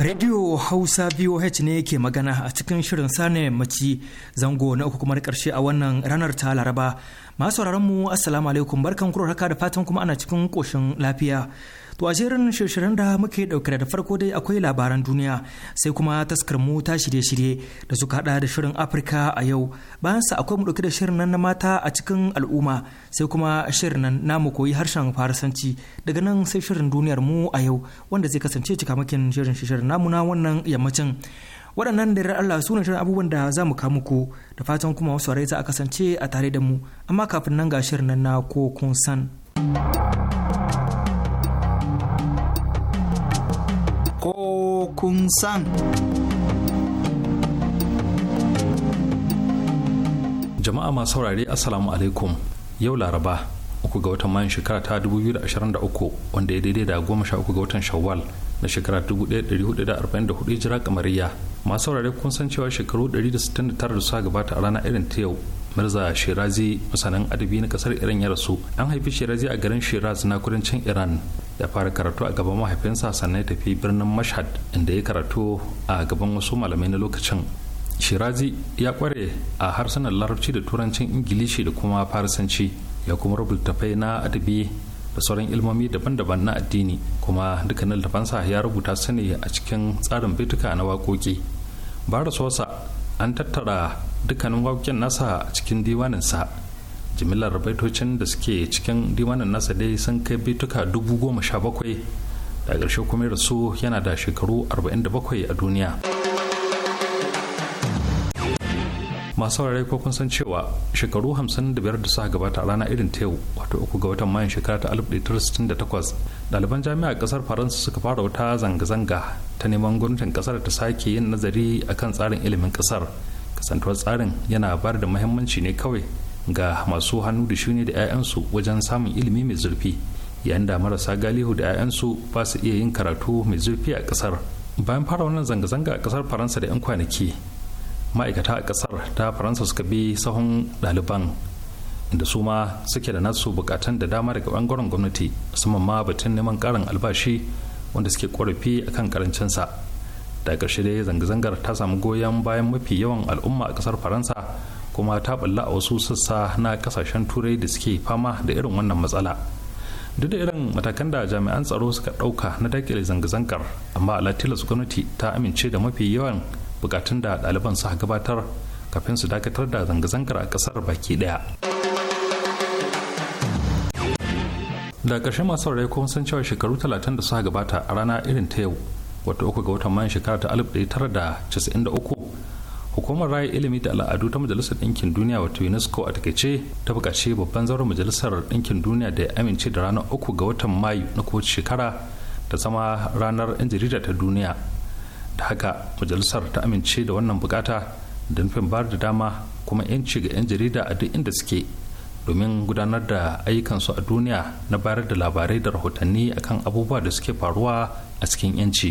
Radio Hausa VOH ne ke magana a cikin shirin sane mace zango na uku kuma na karshe a wannan ranar ta Laraba. masu sauraron mu assalamu alaikum barkan kuro da fatan kuma ana cikin koshin lafiya to a jerin shirshirin da muke dauke da farko dai akwai labaran duniya sai kuma taskar mu ta shirye-shirye da suka hada da shirin afirka a yau bayan sa akwai mu dauke da shirin nan na mata a cikin al'umma sai kuma shirin nan namu koyi harshen farasanci daga nan sai shirin duniyar mu a yau wanda zai kasance cikamakin shirin shirin namu wannan yammacin waɗannan da Allah su ne shirin abubuwan da za mu kamu ko da fatan kuma wasu rai za a kasance a tare da mu amma kafin nan ga shirin nan na ko kun san ko kun san jama'a masu saurare assalamu alaikum yau laraba uku ga watan mayun shekara ta 2023 wanda ya daidai da goma sha uku ga watan shawwal na shekara 1444 jira kamariya masu saurare kun san cewa shekaru 169 da suka gabata a rana irin ta yau mirza shirazi masanin adabi na kasar iran ya rasu an haifi shirazi a garin shiraz na kudancin iran ya fara karatu a gaban mahaifinsa sannan ya tafi birnin mashhad inda ya karatu a gaban wasu malamai na lokacin shirazi ya kware a harsunan larabci da turancin ingilishi da kuma farisanci ya kuma rubuta fai na adabi da sauran ilmomi daban-daban na addini kuma dukkanin littafansa ya rubuta su ne a cikin tsarin bituka na wakoki. bara sosa an tattara dukkanin waƙoƙin nasa a cikin sa jimillar baitocin da suke cikin diwanin nasa dai sun kai bituka dubu goma sha bakwai da ƙarshe kuma rasu yana da shekaru arba'in da bakwai a duniya. masu saurare ko kun san cewa shekaru 55 da suka gabata a rana irin ta yau wato uku ga watan mayan shekara ta 1968 ɗaliban jami'a kasar faransa suka fara wata zanga-zanga ta neman gwamnatin kasar ta sake yin nazari a kan tsarin ilimin kasar kasantuwar tsarin yana ba da muhimmanci ne kawai ga masu hannu da shuni da 'ya'yansu wajen samun ilimi mai zurfi yayin da marasa galihu da 'ya'yansu ba su iya yin karatu mai zurfi a kasar bayan fara wannan zanga-zanga a kasar faransa da 'yan kwanaki ma'aikata a kasar ta faransa suka bi sahun ɗaliban inda su ma suke da nasu bukatan da dama daga bangaren gwamnati musamman ma batun neman karin albashi wanda suke korafi kan karancinsa da ƙarshe dai zanga-zangar ta samu goyon bayan mafi yawan al'umma a kasar faransa kuma ta balla a wasu sassa na kasashen turai da suke fama da irin wannan matsala duk da irin matakan da jami'an tsaro suka ɗauka na dakile zanga-zangar amma alatilas gwamnati ta amince da mafi yawan bukatun da ɗaliban su gabatar kafin su dakatar da zanga-zangar a ƙasar baki ɗaya. da ƙarshe masu rai kuma sun cewa shekaru 30 da suka gabata a rana irin ta yau wata uku ga watan mayan shekara ta 1993 hukumar raya ilimi da al'adu ta majalisar ɗinkin duniya wato unesco a takaice ta buƙaci babban zauren majalisar ɗinkin duniya da ya amince da ranar uku ga watan mayu na kowace shekara ta zama ranar 'yan jarida ta duniya da haka majalisar ta amince da wannan bukata da nufin bar da dama kuma 'yanci ga 'yan jarida a duk inda suke domin gudanar da ayyukansu a duniya na bayar da labarai da rahotanni akan abubuwa da suke faruwa a cikin 'yanci.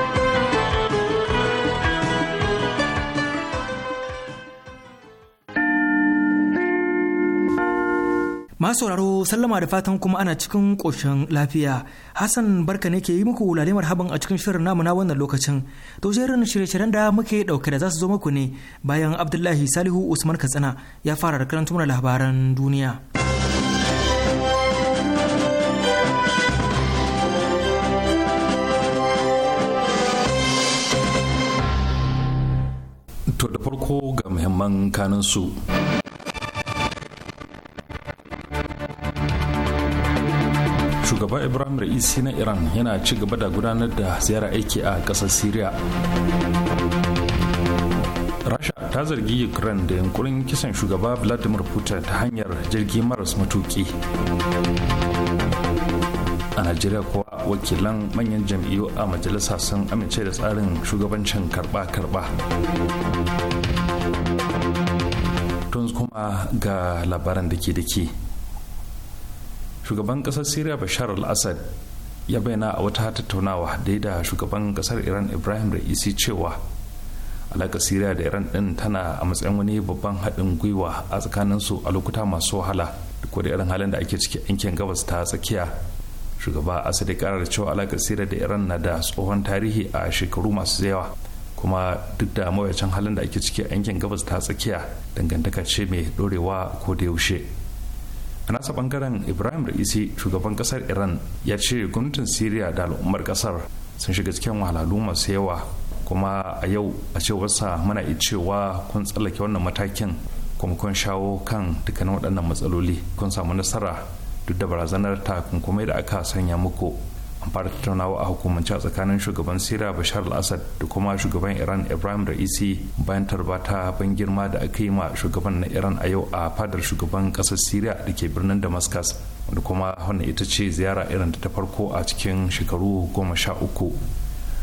Masu sauraro sallama da fatan kuma ana cikin ƙoshin lafiya. Hassan barka ne ke yi muku wulare marhaban a cikin shirin namu na wannan lokacin. To jerin shirye-shiryen da muke ɗauke da za su zo muku ne bayan Abdullahi Salihu Usman Katsina ya fara da karanta mana labaran duniya. To da farko ga muhimman kanin su. shugaba ibrahim ra'isi na iran yana ci gaba da gudanar da ziyara aiki a kasar syria rasha ta zargi ukraine da yankurin kisan shugaba vladimir putin ta hanyar jirgi maras matuki a najeriya kuwa wakilan manyan jam'iyyu a majalisa sun amince da tsarin shugabancin karba-karba tun kuma ga labaran da ke da ke shugaban kasar syria bashar al-assad ya bayyana a wata tattaunawa da da shugaban kasar iran ibrahim ra'isi cewa alaƙa syria da iran din tana a matsayin wani babban haɗin gwiwa a tsakaninsu a lokuta masu wahala ko da irin halin da ake ciki yankin gabas ta tsakiya shugaba asad ya kara cewa alaƙa syria da iran na da tsohon tarihi a shekaru masu yawa kuma duk da mawuyacin halin da ake ciki yankin gabas ta tsakiya dangantaka ce mai ɗorewa ko da yaushe a nasa bangaren ibrahim ra'isi shugaban kasar iran ya ce gwamnatin syria da al'ummar kasar sun shiga cikin wahalhalu masu yawa kuma a yau a cewarsa mana iya cewa kun tsallake wannan matakin kuma kun shawo kan dukkanin waɗannan matsaloli kun samu nasara duk da barazanar takunkumai da aka sanya muku an fara tattaunawa a hukumance a tsakanin shugaban siriya bashar al-assad da kuma shugaban iran ibrahim ra'isi bayan tarbata ban girma da aka yi ma shugaban na iran a yau a fadar shugaban kasar syria da ke birnin damascus da kuma wannan ita ce ziyara irin ta farko a cikin shekaru goma sha uku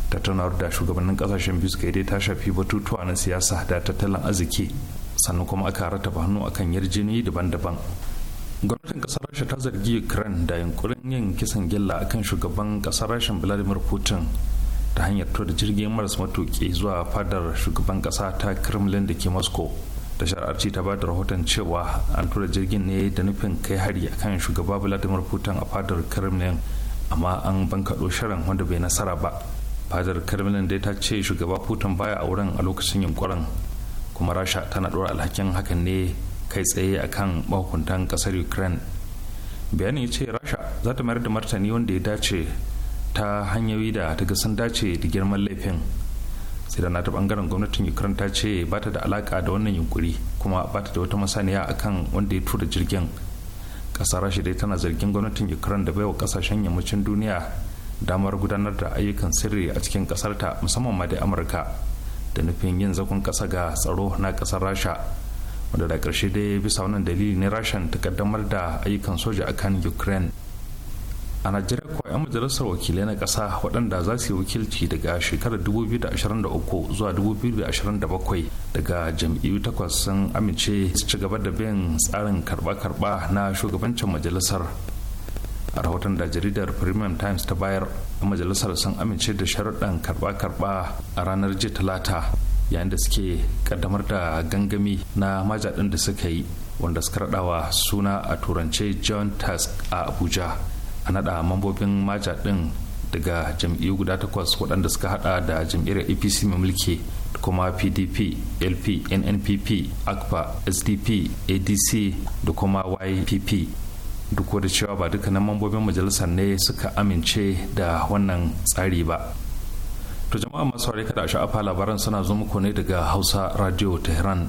tattaunawar da shugabannin kasashen biyu suka yi dai ta shafi batutuwa na siyasa da tattalin arziki sannan kuma aka rataba hannu akan yarjini daban-daban gwamnatin kasar rasha ta zargi ukraine da yunkurin yin kisan gilla akan shugaban kasar rashin vladimir putin ta hanyar tura jirgin maras matuki zuwa fadar shugaban kasa ta kremlin da ke moscow ta shararci ta ba da rahoton cewa an tura jirgin ne da nufin kai hari akan shugaba vladimir putin a fadar kremlin amma an bankaɗo shirin wanda bai nasara ba fadar kremlin dai ta ce shugaba putin baya a wurin a lokacin yunkurin kuma rasha tana ɗora alhakin hakan ne kai tsaye akan mahukuntan kasar ukraine bayanin ya ce rasha za ta mayar da martani wanda ya dace ta hanyoyi da ta sun dace da girman laifin sai da nata bangaren gwamnatin ukraine ta ce ba ta da alaka da wannan yunkuri kuma ba ta da wata masaniya a kan wanda ya tura jirgin kasar rasha dai tana zargin gwamnatin ukraine da baiwa kasashen yammacin duniya damar gudanar da ayyukan sirri a cikin kasarta musamman ma da amurka da nufin yin zagon kasa ga tsaro na kasar rasha wanda da ƙarshe dai bisa wannan dalili ne rashin ta kaddamar da ayyukan soja a kan ukraine a najeriya kuwa 'yan majalisar wakilai na kasa waɗanda za su yi wakilci daga shekarar 2023 zuwa 2027 daga jam'iyyu takwas sun amince su ci gaba da bin tsarin karba-karba na shugabancin majalisar a rahoton da jaridar premium times ta bayar a majalisar sun amince da sharuɗan karba-karba a ranar jiya talata yayin da suke kaddamar da gangami na majaɗin da suka yi wanda suka raɗawa suna a turance john task a abuja a naɗa mambobin majaɗin daga jam'iyyu guda takwas waɗanda suka haɗa da jam'iyyar apc mai mulki kuma pdp lp nnpp akpa sdp adc da kuma ypp duk da cewa ba dukkanin mambobin majalisar ne suka amince da wannan tsari ba to jama'a masu haure kada sha'afa labaran suna zo muku ne daga hausa radio tehran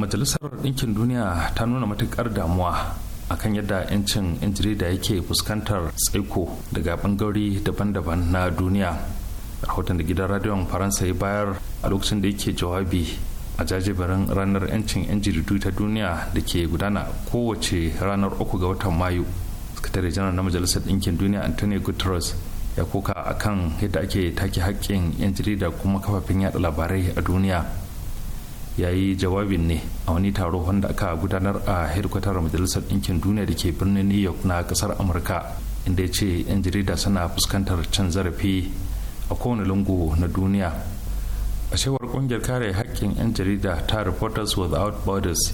majalisar ɗinkin duniya ta nuna matuƙar damuwa akan yadda 'yancin 'yan jarida yake fuskantar tsaiko daga ɓangare daban-daban na duniya rahoton da gidan radiyon faransa ya bayar a lokacin da yake jawabi a jajiberin ranar 'yancin 'yan jaridu ta duniya da ke gudana kowace ranar uku ga watan mayu sakatare janar na majalisar ɗinkin duniya antonio guterres ya a kan yadda ake take hakkin 'yan jarida kuma kafafen yada labarai a duniya ya yi jawabin ne a wani taro wanda aka gudanar a hedkwatar majalisar ɗinkin duniya da ke birnin new york na ƙasar amurka inda ya ce 'yan jarida suna fuskantar can zarafi a kowane lungu na duniya a cewar ƙungiyar kare hakkin 'yan jarida ta reporters without borders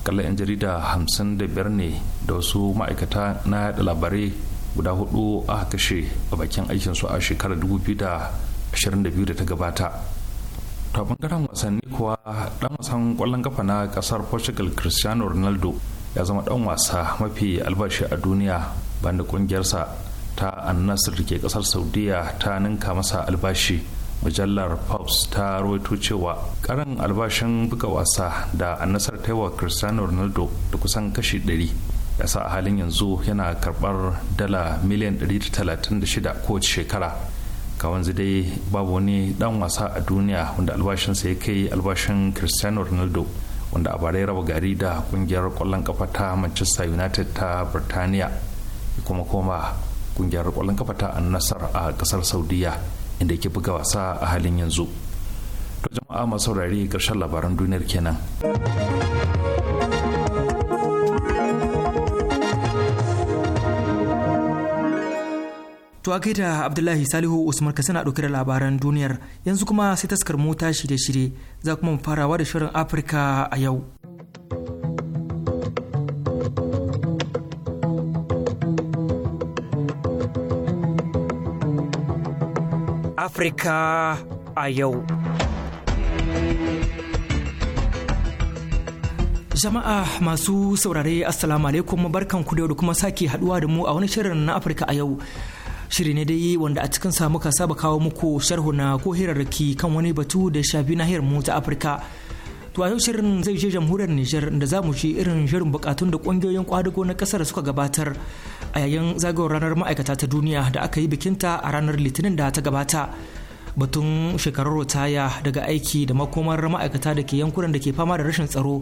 akalla 'yan jarida 55 ne da wasu ma'aikata na yada labarai guda hudu aka kashe a bakin aikinsu a shekarar 2022 da ta gabata ta bangaren wasanni kuwa dan wasan kwallon kafa na kasar portugal cristiano ronaldo ya zama dan wasa mafi albashi a duniya banda kungiyarsa ta annasir ke kasar saudiya ta ninka masa albashi mujallar forbes ta rawaito cewa karan albashin buga wasa da annasar taiwa cristiano ronaldo da kusan kashi 100 yasa a halin yanzu yana karbar dala miliyan 136 kowace shekara wanzu dai babu wani dan wasa a duniya wanda albashinsa ya kai albashin cristiano ronaldo wanda a bara ya raba gari da kungiyar kwallon kafa ta manchester united ta birtaniya kuma koma kungiyar kwallon kafa ta nasar a kasar saudiya inda yake buga wasa a halin yanzu to jama'a masu saurari karshen labaran duniyar kenan To a kaita Abdullahi Salihu Usman ka suna ɗauke da labaran duniyar yanzu kuma sai taskar mota shirye-shirye za kuma mu farawa da shirin Afirka a yau. Afirka a yau. Jama'a masu saurare Assalamu alaikum barkan ku da kuma sake haduwa da mu a wani shirin na Afirka a yau. shiri ne dai wanda a cikin samu ka saba kawo muku sharhu na ko hirarraki kan wani batu da shafi nahiyar mu ta Afirka. To a yau shirin zai je jamhuriyar Nijar da za mu ci irin shirin bukatun da kungiyoyin kwadago na kasar suka gabatar a yayin zagayowar ranar ma'aikata ta duniya da aka yi bikinta a ranar Litinin da ta gabata. Batun shekarar rotaya daga aiki da makomar ma'aikata da ke yankunan da ke fama da rashin tsaro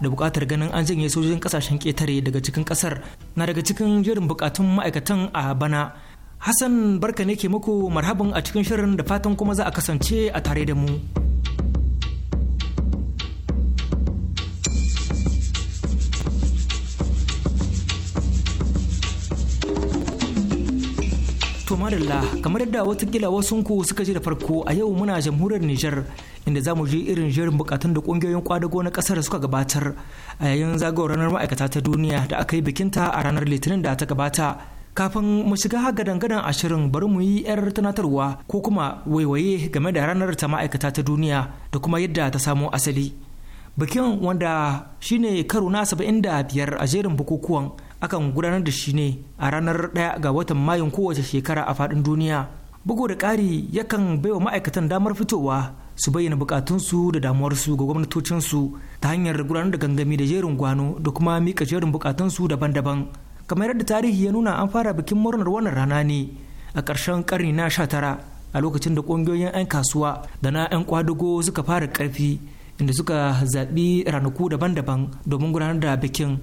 da bukatar ganin an janye sojojin kasashen ketare daga cikin kasar na daga cikin jerin bukatun ma'aikatan a bana. Hassan barka ne ke muku marhaban a cikin shirin da fatan kuma za a kasance a tare da mu. To madalla kamar yadda watakila ku suka ji da farko a yau muna jamhuriyar Nijar inda za mu je irin jerin bukatun da kungiyoyin kwadago na kasar suka gabatar a yayin zagawar ranar ma'aikata ta duniya da aka yi bikinta a ranar litinin da ta gabata. Kafin mu shiga gadan-gadan ashirin bari mu yi 'yar tunatarwa ko kuma waiwaye game da ranar ta ma'aikata ta duniya da kuma yadda ta samo asali. Bikin wanda shine karo na saba'in da biyar a jerin bukukuwan akan gudanar da shi ne a ranar ɗaya ga watan Mayun kowace shekara a faɗin duniya. Bugu da ƙari yakan baiwa ma'aikatan damar fitowa su bayyana bukatunsu da damuwarsu ga gwamnatocinsu ta hanyar gudanar da gangami da jerin gwano da kuma mika jerin bukatunsu daban-daban kamar yadda tarihi ya nuna an fara bikin murnar wannan rana ne a ƙarshen ƙarni na sha tara a lokacin da ƙungiyoyin 'yan kasuwa da na 'yan kwadugo suka fara ƙarfi inda suka zaɓi ranaku daban-daban domin gudanar da bikin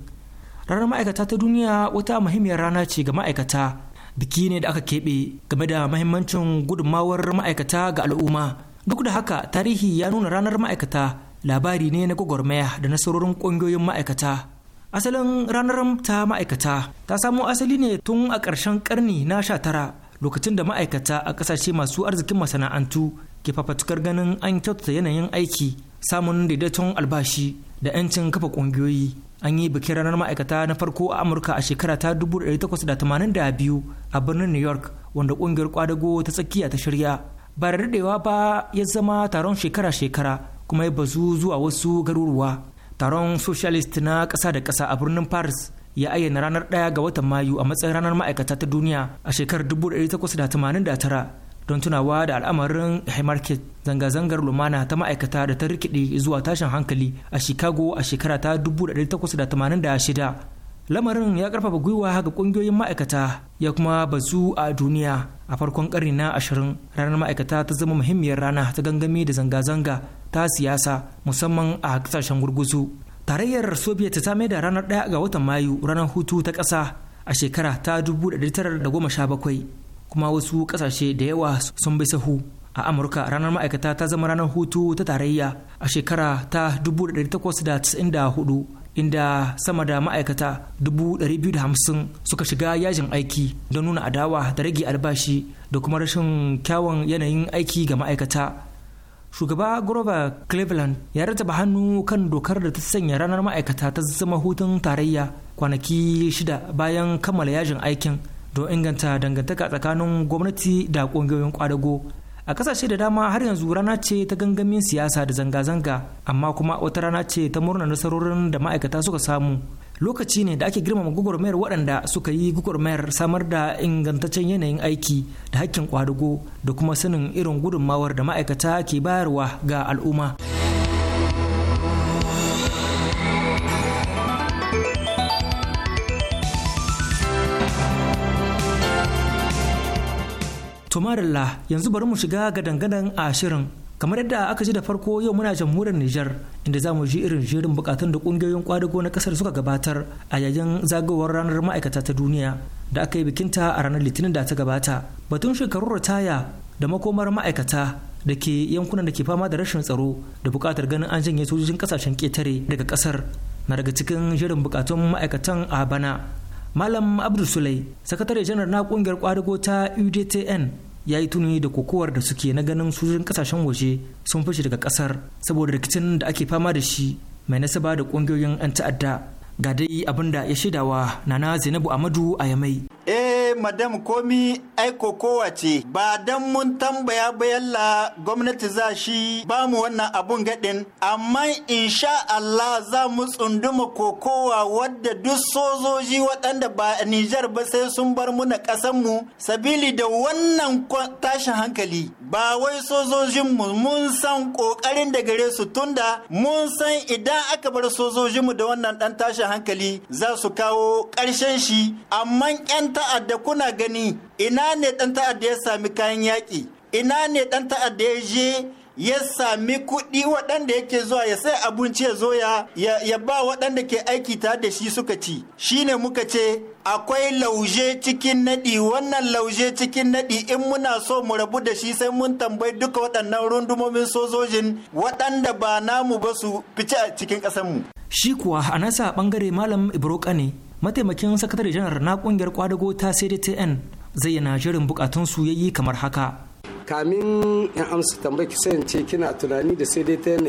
ranar ma'aikata ta duniya wata muhimmiyar rana ce ga ma'aikata biki ne da aka keɓe game da mahimmancin gudummawar ma'aikata ga al'umma duk da haka tarihi ya nuna ranar ma'aikata labari ne na gwagwarmaya da nasarorin ƙungiyoyin ma'aikata asalin ranar ta ma'aikata ta samo asali ne tun a ƙarshen ƙarni na sha tara lokacin da ma'aikata a ƙasashe masu arzikin masana'antu ke fafatukar ganin an kyautata yanayin aiki samun daidaiton albashi da 'yancin kafa ƙungiyoyi an yi bikin ranar ma'aikata na farko a amurka a shekara ta 1882 a birnin new york wanda ƙungiyar kwadago ta tsakiya ta shirya ba da daɗewa ba ya zama taron shekara-shekara kuma ya bazu zuwa wasu garuruwa taron socialist na ƙasa da ƙasa a birnin paris ya ayyana ranar 1 ga watan mayu a matsayin ranar ma'aikata ta duniya a shekarar 1889 don tunawa da al'amarin haymarket zanga-zangar lumana ta ma'aikata da ta rikide zuwa tashin hankali a chicago a shekara ta 1886 lamarin ya karfafa gwiwa ga kungiyoyin ma'aikata ya kuma bazu a duniya a farkon karni na ashirin ranar ma'aikata ta zama muhimmiyar rana ta gangami da zanga-zanga ta siyasa musamman a kasashen gurguzu tarayyar soviet ta mai da ranar ɗaya ga watan mayu ranar hutu ta ƙasa a shekara ta 1917 kuma wasu ƙasashe da yawa sun bai sahu a amurka ranar ma'aikata ta zama ranar hutu ta tarayya a shekara ta 1894 inda sama da ma'aikata hamsin suka shiga yajin aiki don nuna adawa da rage albashi da kuma rashin kyawun yanayin aiki ga ma'aikata shugaba grover cleveland ya rataba hannu kan dokar da ta sanya ranar ma'aikata ta zama hutun tarayya kwanaki shida bayan kammala yajin aikin don inganta dangantaka tsakanin gwamnati da ƙungiyoyin kwadago a kasashe da dama har yanzu rana ce ta gangamin siyasa da zanga-zanga amma kuma wata rana ce ta murna nasarorin da ma'aikata suka samu lokaci ne da ake girmama gugurmayar waɗanda suka yi gugurmayar samar da ingantaccen yanayin aiki da hakkin kwadugo da kuma sanin irin gudunmawar da ma'aikata ke bayarwa ga al'umma. Tumarilla yanzu bari mu shiga ga dangadan a kamar yadda aka ji da farko yau muna jamhuriyar Nijar inda za mu ji irin jerin bukatun da kungiyoyin kwadago na kasar suka gabatar a yayin zagawar ranar ma'aikata ta duniya da aka yi bikinta a ranar litinin da ta gabata batun shekarun ritaya da makomar ma'aikata da ke yankunan da ke fama da rashin tsaro da bukatar ganin an janye sojojin kasashen ketare daga kasar na daga cikin jerin bukatun ma'aikatan a bana malam abdul sulai sakatare janar na kungiyar kwadago ta udtn ya yi tuni da kokowar da suke na ganin sojojin kasashen waje sun fashe daga kasar saboda rikicin da ake fama da shi mai nasaba da kungiyoyin 'yan ta'adda ga dai abin da ya shaidawa nana zainabu amadu a yamai Eh madam komi aiko kowace ba dan mun tambaya ba yalla gwamnati za shi ba mu wannan abun gaɗin amma insha Allah za mu tsunduma kokowa wadda duk sojoji waɗanda ba Nijar ba sai sun bar muna mu sabili da wannan tashin hankali ba wai sojojinmu mun san ƙoƙarin da gare su tunda mun san idan aka bar sojojinmu da wannan ɗan tashin hankali za su kawo ƙarshen shi amma 'yan ta'adda kuna gani ina ne ɗan ta'adda ya sami kayan yaƙi ina ne ɗan ta'adda ya je ya sami kuɗi waɗanda yake zuwa ya sai abinci ya zo ya ya ba waɗanda ke aiki tare da shi suka ci shine muka ce akwai lauje cikin naɗi wannan lauje cikin naɗi in muna so mu rabu da shi sai mun tambayi duka waɗannan rundumomin sojojin waɗanda ba namu ba su fice a cikin ƙasarmu shi kuwa a nasa ɓangare malam ibro ne mataimakin sakatare janar na kungiyar kwadago ta cdtn yana jirin bukatun su yayi kamar haka kamin in amsa tambayi ki sai ce kina tunani da sai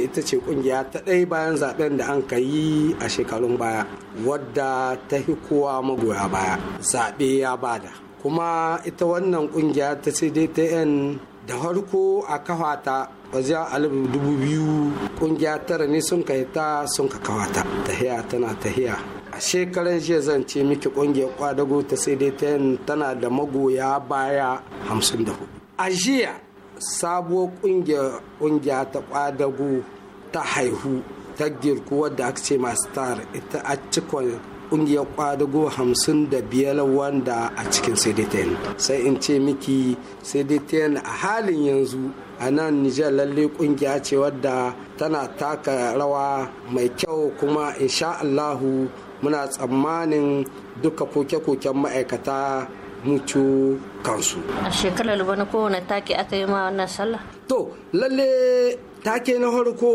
ita ce kungiya ta ɗaya bayan zaben da an ka yi a shekarun baya wadda ta fi kowa magoya baya zaɓe ya bada kuma ita wannan kungiya ta CDTN da harko a kafata wajen alif dubu biyu kungiya tara ne sun ka ta sun ka kawata tahiya tana tahiya a shekaran jiya zan ce miki kungiyar kwadago ta sai dai tana da magoya baya 54 a jiya sabuwar kungiya ta kwadago ta haihu ta girku wadda aka ce masu star ita a cikon kungiyar kwadago 55 wanda a cikin sedetain sai in ce miki sedetain a halin yanzu a nan nijar lalle kungiya ce wadda tana taka rawa mai kyau kuma insha allahu muna tsammanin duka koke-koken ma'aikata mutu kansu a shekarar bana kowane take aka yi ma wannan sallah to lalle take na farko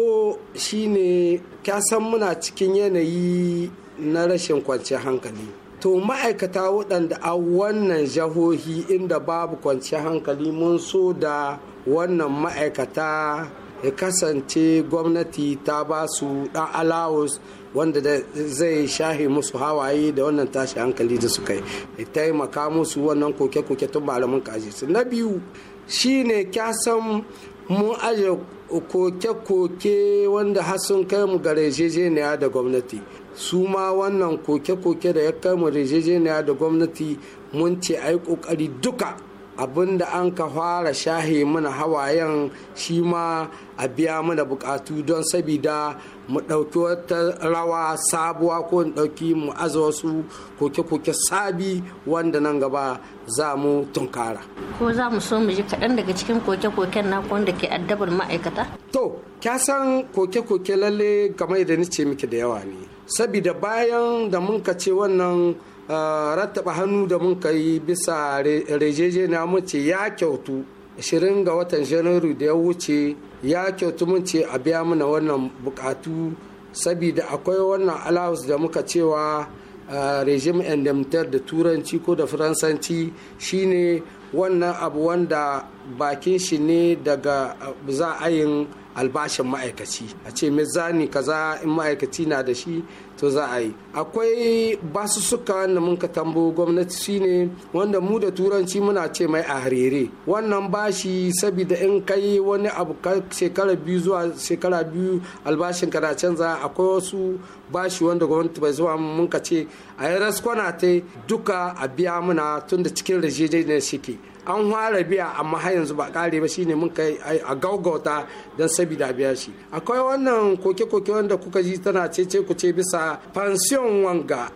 shine kyasan muna cikin yanayi na rashin kwanciyar hankali to ma'aikata waɗanda a wannan jahohi inda babu kwanciyar hankali mun so da wannan ma'aikata ya kasance gwamnati ta ba su ɗan alawus wanda zai shahi musu hawaye da wannan tashi hankali da suka yi taimaka musu wannan koke-koke tun malamin kaji su na biyu shine kyasan mu aje koke-koke wanda hasun kai mu ga rejejeniya da gwamnati su ma wannan koke-koke da ya kai mu rejejeniya da gwamnati mun ce a kokari duka abin da an ka fara shahe mana hawayen shi ma a biya mana bukatu don sabida mu ɗauki wata rawa sabuwa ko ɗauki mu aza wasu koke-koke sabi wanda nan gaba za mu tunkara. Ko za mu so mu ji kaɗan daga cikin koke-koken na wanda ke addabar ma'aikata? To, kya san koke-koke lalle game da ni ce miki da yawa ne. Sabida bayan da mun ka ce wannan Ah, rattaba hannu da mun kai bisa rejeje na mun ce ya kyautu shirin ga watan janairu da ya wuce ya kyautu mun ce a biya mana wannan bukatu sabida akwai wannan allowance da muka cewa ah, rejim indemnitar da turanci ko da faransanci shine wannan abu wanda bakin shi ne daga ah, zaayin. yin albashin ma'aikaci a ce mizani kaza in ma'aikaci na da shi to za a yi akwai basussuka wanda mun ka tambo gwamnati shine wanda mu da turanci muna ce mai a harere wannan bashi sabida in kai wani abu shekara biyu zuwa shekara biyu albashin kana canza akwai wasu bashi wanda gwamnati bai zuwa mun ka ce a yi raskwana ta duka a biya muna tun da cikin rajejeniyar shike an fara biya amma har yanzu ba kare ba shine mun kai a gaugauta don sabida biya shi akwai wannan koke-koke wanda kuka ji tana cece ku ce bisa pansiyon wanga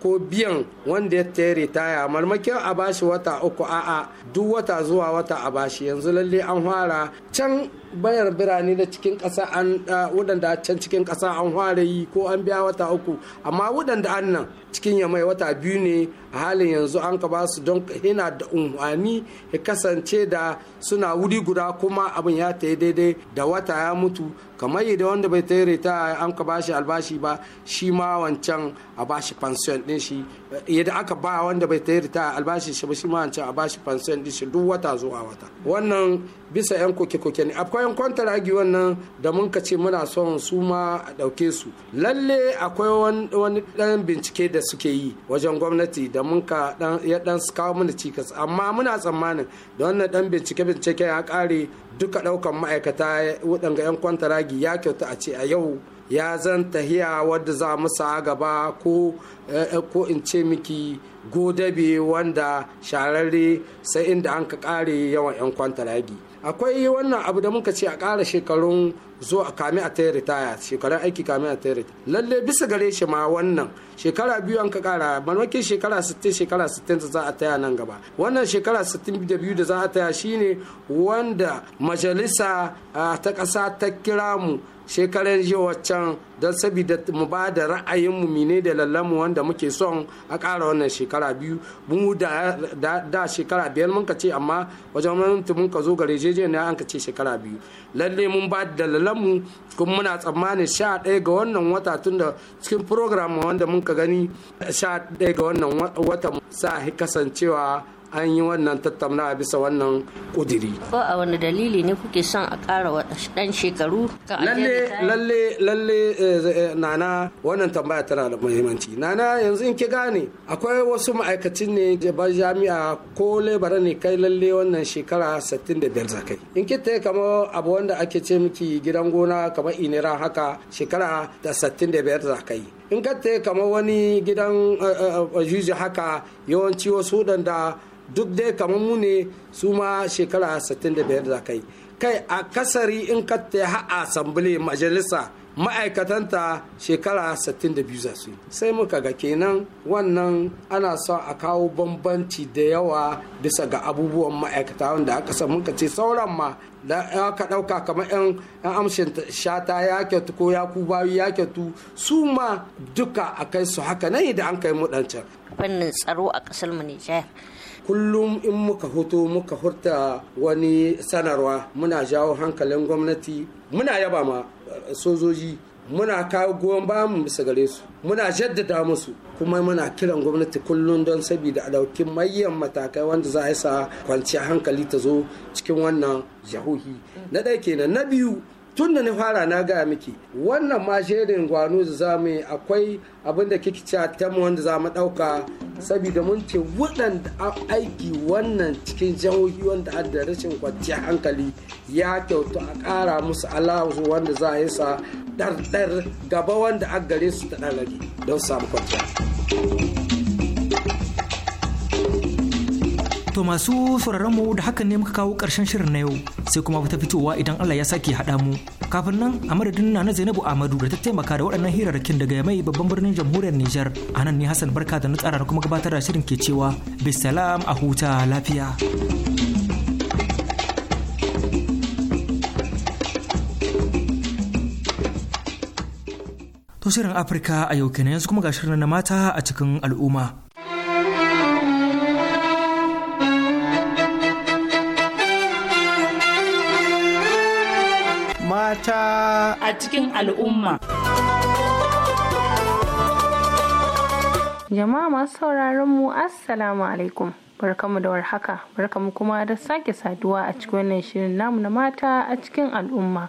ko biyan wanda ya tere taya marmakin a bashi wata uku a'a duk wata zuwa wata a bashi yanzu lalle an fara can bayar birane da cikin ƙasa an wadanda can cikin kasa an fara yi ko an biya wata uku amma wadanda an nan cikin yamai wata biyu ne a halin yanzu an ka basu don hina da unhani ya kasance da suna wuri guda kuma abin ya ta daidai da wata ya mutu kamar da wanda bai ta ritaya an ka bashi albashi ba shi ma wancan a bashi fansiyon din shi yadda aka ba wanda bai ta albashi shi ba shi ma wancan a bashi fansiyon din shi duk wata zuwa wata wannan bisa yan koke-koke ne akwai yan kwantar agi wannan da mun ka ce muna son su ma a ɗauke su lalle akwai wani ɗan bincike da suke yi wajen gwamnati da mun ka ya ɗan kawo mana cikas amma muna tsammanin da wannan ɗan bincike-bincike ya kare. duka daukan ma'aikata waɗanga 'yan kwantaragi ya kyauta a ce a yau ya zan tahiya wadda za mu sa gaba ko eh, ko in ce miki godabe wanda shararre sai inda an ka kare yawan 'yan kwantaragi akwai wannan abu da muka ce a ƙara shekarun zo a kame a tayi ritaya shekarun aiki kame a tayi ritaya lalle bisa gare shi ma wannan shekara biyu an ka ƙara mamakin shekara 60 shekara 60 da za a taya nan gaba wannan shekara 62 da za a taya shine wanda majalisa ah, ta ƙasa ta kira mu shekarar yi waccan don sabida mu ba da ra'ayinmu mine da lallamu wanda muke son a kara wannan shekara biyu mu da shekara biyar mun ka ce amma wajen wani mun ka zo ga rejejeniya an ka ce shekara biyu lalle mun ba da lallamu kuma muna tsammanin sha ɗaya ga wannan wata tun cikin program wanda mun ka gani sha ɗaya ga wannan wata sa kasancewa an yi wannan tattauna bisa wannan kudiri. Ko a wani dalili ne kuke son a ƙara ɗan shekaru? Lalle lalle lalle eh, eh, nana wannan tambaya tana da muhimmanci. Nana yanzu in ki gane akwai wasu ma'aikacin ne jabar jami'a ko lebara ne kai lalle wannan shekara 65 za kai. In ki ta kama abu wanda ake ce miki gidan gona kamar inira haka shekara da 65 za kai. in ka ta kamar wani gidan eh, eh, eh, juji haka yawanci wasu da duk dai kamar mu ne su ma shekara 65 da kai kai a kasari in ka ta ha asambile majalisa ma'aikatanta shekara 62 za su sai muka ga kenan wannan ana son a kawo bambanci da yawa bisa ga abubuwan ma'aikata wanda aka san ka ce sauran ma da ka ɗauka kamar 'yan amshin shata ya kyautu ko ya ku bayu ya kyautu su ma duka a kai su haka nan da an kai mu ɗancan. fannin tsaro a ƙasar mu nijar kullum in muka hoto muka hurta wani sanarwa muna jawo hankalin gwamnati muna yaba ma eh, sojoji muna kawo goyon ba mu bisa gare su muna jaddada musu kuma muna kiran gwamnati kullum don saboda a dauki mayan matakai wanda za a sa kwanciyar hankali ta zo cikin wannan jahohi na ɗaya kenan na biyu tun da na fara na gaya miki wannan ma shirin gwano da za mu yi akwai abin da kike cewa ta mu wanda za mu ɗauka saboda mun ce waɗanda aiki wannan cikin jihohi wanda har da rashin kwanciyar hankali ya kyautu a ƙara musu alawu wanda za a yi sa ɗarɗar gaba wanda a gare su ta ɗarari don samu kwanciyar. To masu sauraron mu da hakan ne muka kawo ƙarshen shirin na yau sai kuma ta fitowa idan Allah ya sake haɗa mu. Kafin nan a madadin na Zainabu Amadu da ta taimaka da waɗannan hirarrakin daga mai babban birnin jamhuriyar Nijar. A nan ne Hassan Barka da na tsara kuma gabatar da shirin ke cewa bisalam a huta lafiya. To shirin Afirka a yau kenan yanzu kuma ga shirin na mata a cikin al'umma. ta a cikin al'umma. Jama'a masu sauraron mu Assalamu alaikum. Barkamu da warhaka, barkamu kuma da sake saduwa a cikin wannan shirin namu na mata a cikin al'umma.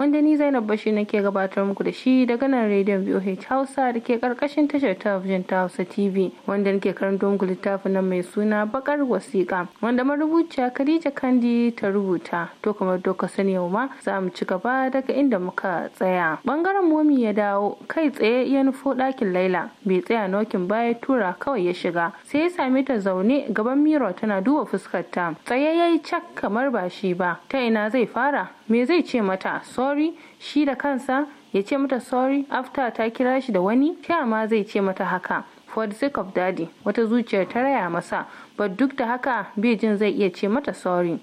wanda ni Zainab bashi nake gabatar muku da shi daga nan rediyon VOH Hausa da ke karkashin tashar talabijin ta Hausa TV wanda nake karanta muku littafin nan mai suna Bakar Wasiƙa wanda marubuciya Khadija Kandi ta rubuta to kamar doka sani yau ma za mu ci gaba daga inda muka tsaya. Bangaren momi ya dawo kai tsaye ya nufo ɗakin Laila bai tsaya nokin baya tura kawai ya shiga sai ya same ta zaune gaban miro tana duba fuskarta tsaye ya yi cak kamar ba shi ba ta ina zai fara me zai ce mata so sorry shi da kansa ya ce mata sorry after ta kira shi da wani shi ma zai ce mata haka for the sake of daddy wata zuciyar ta raya masa but duk da haka bai jin zai iya ce mata sorry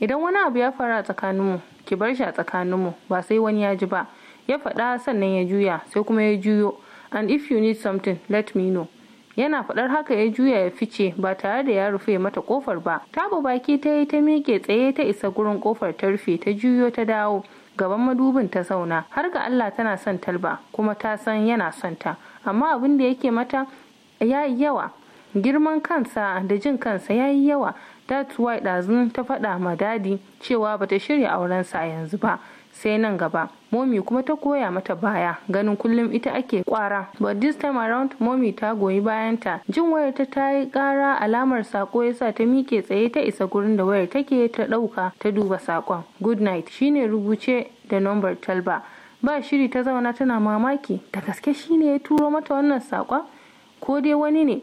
idan wani abu ya faru a tsakaninmu ki bar shi a tsakaninmu ba sai wani ya ji ba ya faɗa sannan ya juya sai kuma ya juyo and if you need something let me know yana faɗar haka ya juya ya fice ba tare da ya rufe mata kofar ba tabo baki ta yi ta miƙe tsaye ta isa gurin kofar ta rufe ta juyo ta dawo gaban madubin ta zauna har ga Allah tana son talba kuma ta san yana son ta amma abin da yake mata ya yi yawa girman kansa da jin kansa ya yi yawa that's why ɗazun ta faɗa ma dadi cewa bata shirya aurensa a yanzu ba sai nan gaba momi kuma ta koya mata baya ganin kullum ita ake kwara but this time around momi ta goyi bayanta jin wayar ta ta yi kara alamar sako yasa ta mike tsaye ta isa gurin da wayar take ta dauka ta duba sakon good night shine rubuce da number talba ba shiri ta zauna tana mamaki da gaske shine ya turo mata wannan sakon ko dai wani ne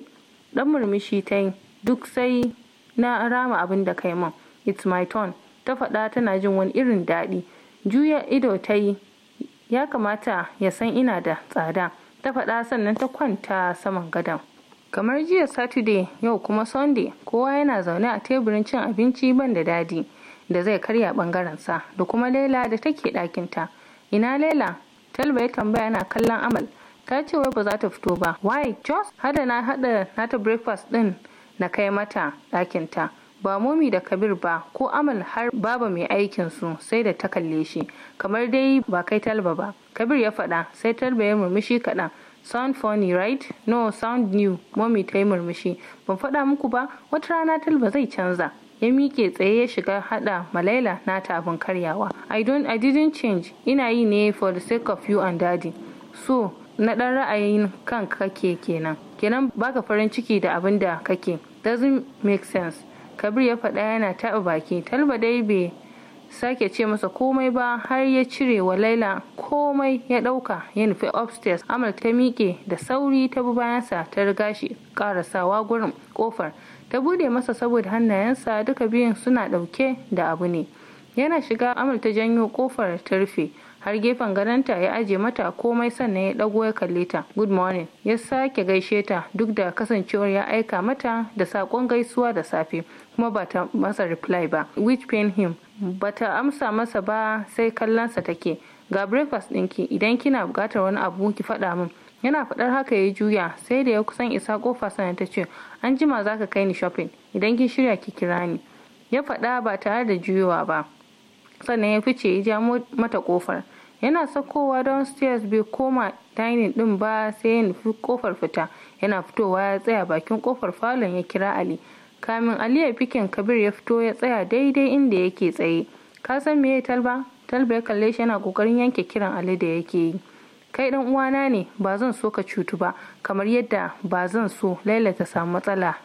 dan murmushi ta yi duk sai na rama abin da kai min it's my turn ta faɗa tana jin wani irin daɗi juya ido ta yi ya kamata ya san ina da tsada ta faɗa sannan ta kwanta saman gadon kamar jiya saturday yau kuma sunday kowa yana zaune a teburin cin abinci ban da dadi da zai karya bangarensa da kuma laila da take ɗakinta ina laila talba ya tambaya yana kallon amal ta ce wai ba za ta fito ba why jos hada na hada nata breakfast din na kai mata ɗakinta ba momi da kabir ba ko amal har baba mai aikin su sai da ta kalle shi kamar dai ba kai talba ba kabir ya faɗa sai talba ya murmushi kaɗan sound funny right no sound new momi ta yi murmushi ban faɗa muku ba wata rana talba zai canza ya miƙe tsaye ya shiga hada malaila ta abin karyawa i don't i didn't change ina yi ne for the sake of you and daddy so na ɗan ra'ayin kan kake kenan kenan baka farin ciki da abin da kake doesn't make sense kabir ya faɗa yana taɓa baki talba dai bai sake ce masa komai ba har ya cire wa laila komai ya ɗauka ya nufi upstairs amal ta miƙe da sauri ta bi bayansa ta riga shi ƙarasawa gurin ƙofar ta bude masa saboda hannayensa duka biyun suna ɗauke da abu ne yana shiga amal ta janyo ƙofar ta rufe har gefen gadonta ya aje mata komai sannan ya dago ya kalle ta good morning ya sake gaishe ta duk da kasancewar ya aika mata da sakon gaisuwa da safe kuma ba ta masa reply ba which pain him ba ta amsa masa ba sai kallonsa take ga breakfast ɗinki idan kina bukatar wani abu ki faɗa min yana faɗar haka ya juya sai da ya kusan isa kofa sannan ta ce an jima za ka kai ni shopping idan kin shirya ki kira ni ya faɗa ba tare da juyowa ba sannan ya fice ya ja mata kofar yana sakowa don stairs bai koma dining din ba sai ya nufi kofar fita yana fitowa ya tsaya bakin kofar falon ya kira ali kamin ali ya fikin kabir ya fito ya tsaya daidai inda yake tsaye ka san me talba talba ya kalle shi yana kokarin yanke kiran ali da yake yi kai dan uwana ne ba zan so ka cutu ba kamar yadda ba zan so laila ta samu matsala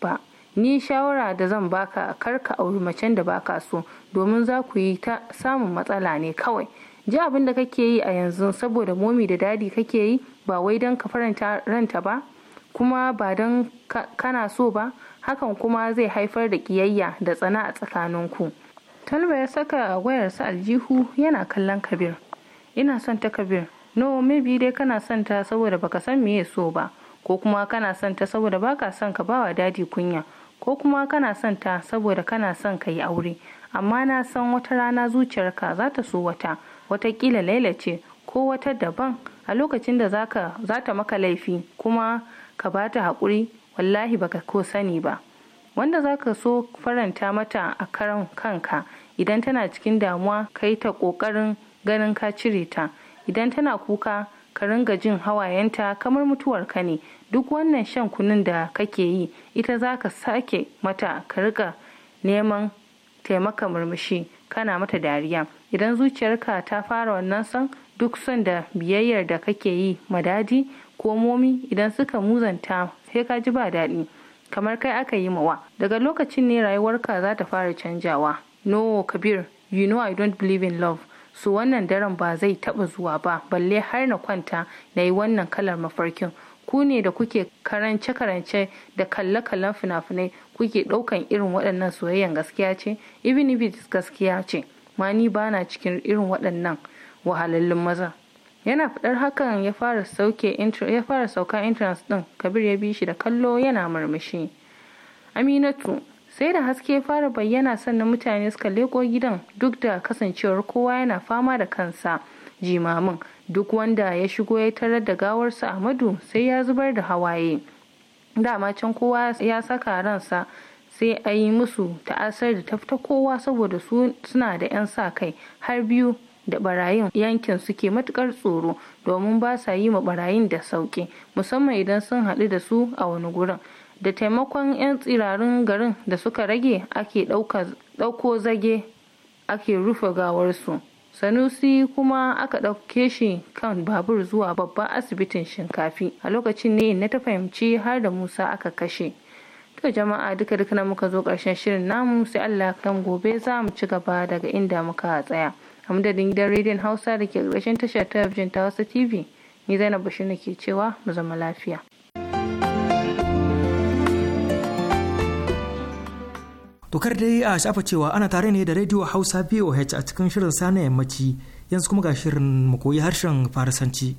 ba ni shawara da zan baka kar ka auri macen da baka so domin za ku yi ta samun matsala ne kawai ji abin da kake yi a yanzu saboda momi da dadi kake yi ba wai don ka faranta ranta ba kuma ba don kana so ba hakan kuma zai haifar da kiyayya da tsana a tsakaninku talba ya saka wayarsa aljihu yana kallon kabir ina son ta kabir no maybe dai kana son ta saboda baka san me ya so ba ko kuma kana son ta saboda baka son ka bawa dadi kunya ko kuma kana son ta saboda kana son ka yi aure amma na san wata rana zuciyarka za ta so wata watakila lailace ce ko wata daban a lokacin da za ta maka laifi kuma ka ba ta haƙuri wallahi baka ko sani ba wanda za ka so faranta mata a karan kanka idan tana cikin damuwa ka yi ta ƙoƙarin ganin ka cire ta idan tana kuka ka ringa jin hawayenta kamar mutuwar ka ne duk wannan shan kunun da kake yi ita za ka sake mata ka rika neman taimaka murmushi kana mata dariya idan zuciyarka ta fara wannan son duk son da biyayyar da kake yi madadi ko momi idan suka muzanta sai ka ji ba daɗi kamar kai aka yi mawa daga lokacin ne rayuwarka za ta fara canjawa no kabir you know i don't believe in love Su wannan daren ba zai taɓa zuwa ba balle har na kwanta na yi wannan kalar mafarkin ku ne da kuke karance-karance da kalle-kallen fina-finai kuke ɗaukan irin waɗannan soyayyan gaskiya ce even if gaskiya ce ma ni ba na cikin irin waɗannan wahalallun maza yana fadar hakan ya fara sauke ya fara saukan entrance din kabir ya bi shi da kallo yana murmushi aminatu sai da haske fara bayyana sannan mutane suka leƙo gidan duk da kasancewar kowa yana fama da kansa jimamin duk wanda ya shigo ya tarar da gawarsa amadu sai ya zubar da hawaye dama can kowa ya saka ransa sai a yi musu ta'asar da tafta kowa saboda su suna da 'yan sa kai har biyu da barayin yankin suke matukar tsoro domin ba sa yi ma barayin da sauki musamman idan sun haɗu da su a wani gurin da taimakon 'yan tsirarin garin da suka rage ake ɗauko zage ake rufe gawarsu sanusi kuma aka ɗauke shi kan babur zuwa babban asibitin shinkafi a lokacin ne na ta fahimci har da musa aka kashe to jama'a duka duka na muka zo ƙarshen shirin namu sai allah kan gobe za mu ci gaba daga inda muka tsaya a madadin gidan rediyon hausa da ke ƙarshen tashar talabijin ta wasu tv ni zainab bashir ke cewa mu zama lafiya Tokar dai a shafa cewa ana tare ne da rediyo Hausa VOH a cikin shirin sa na yammaci yanzu kuma ga shirin mu koyi harshen Farisanci.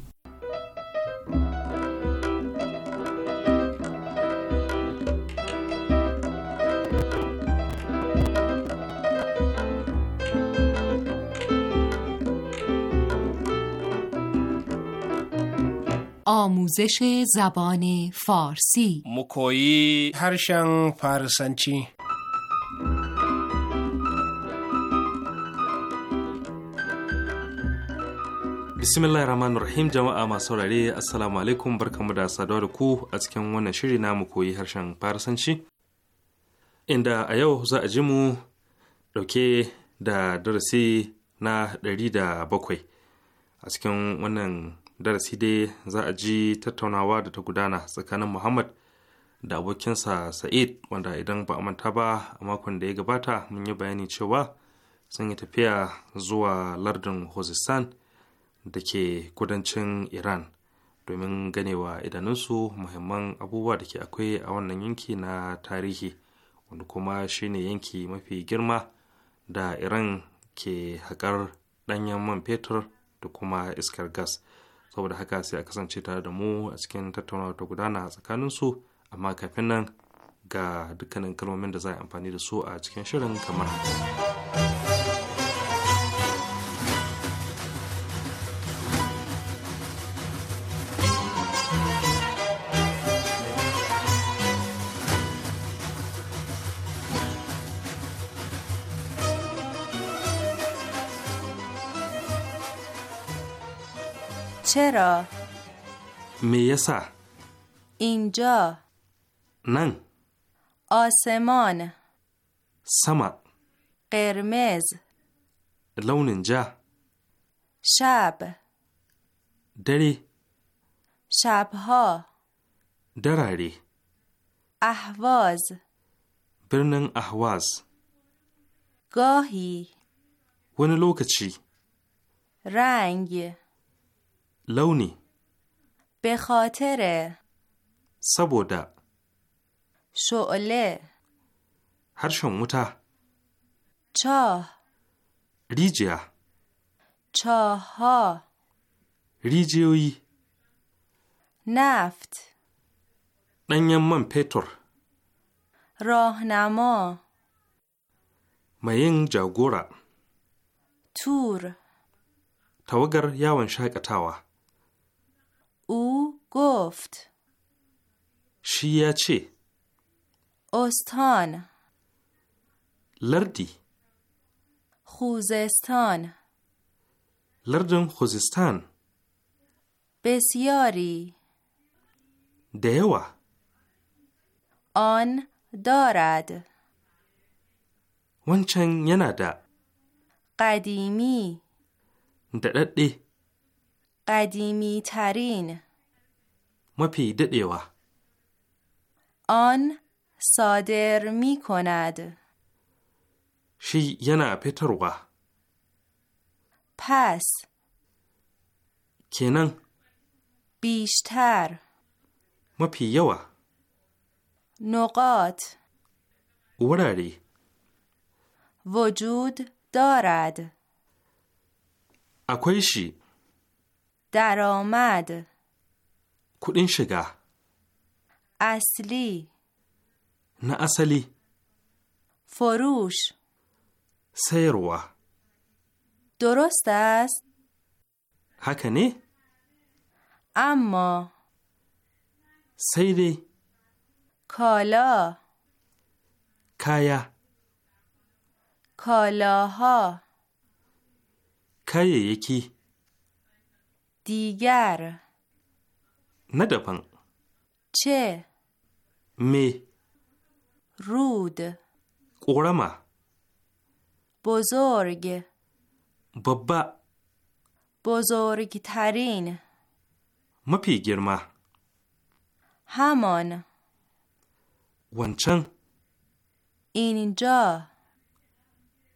آموزش زبان فارسی مکویی هرشن فارسنچی bismillah rahman Rahim jama'a masu saurare Assalamu alaikum barkamu da saduwa da ku a cikin wannan shiri na mu koyi harshen Farsanci. Inda a yau za a ji mu dauke da darasi na ɗari da bakwai a cikin wannan darasi dai za a ji tattaunawa da ta gudana tsakanin Muhammad da abokinsa Sa'id wanda idan ba a manta ba a makon da ya gabata mun yi bayani cewa sun yi tafiya zuwa lardin Hosistan da ke kudancin iran domin ganewa idanunsu muhimman abubuwa da ke akwai a wannan yanki na tarihi wanda kuma shine yanki mafi girma da iran ke haƙar ɗanyen man fetur da kuma iskar gas saboda haka sai a kasance tare da mu a cikin tattaunawa ta gudana tsakaninsu amma kafin nan ga dukkanin kalmomin da za a amfani da su a cikin shirin kamar haka. چرا؟ میسا اینجا نن آسمان سما قرمز لون جا شب دری شبها دراری احواز برنن احواز گاهی ونلوکچی رنگ Launi. به خاطر saboda Shole. harshen wuta چاه rijiya چاها rijiyoyi Naft. ɗanyen man fetur rahnama mai yin jagora tur tawagar yawon shakatawa او گفت شیاچی. استان لردی خوزستان لردم خوزستان بسیاری دیوه آن دارد ونچنگ ینادا نده قدیمی دردی قدیمی ترین پی آن صادر می کند شی ینا و پس کنن بیشتر ما یوا نقاط وراری وجود دارد اکویشی درآمد کدین شگه اصلی نه اصلی فروش سیروا درست است هکنی؟ اما سیری کالا کایا کالاها کایه یکی دیگر ندپن چه می رود قرما بزرگ بابا بزرگترین مپی گرما همان ونچن اینجا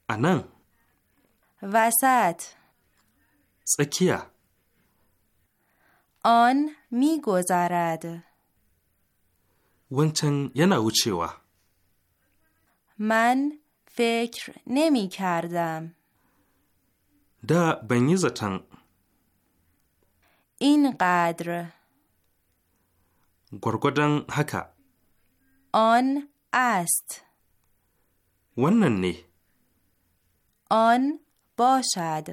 انن وسط سکیه on mi gozarad. Wancan yana wucewa. Man fikr nemi kardam. Da ban yi zaton. In qadr. Gwargwadon haka. On ast. Wannan ne. On boshad.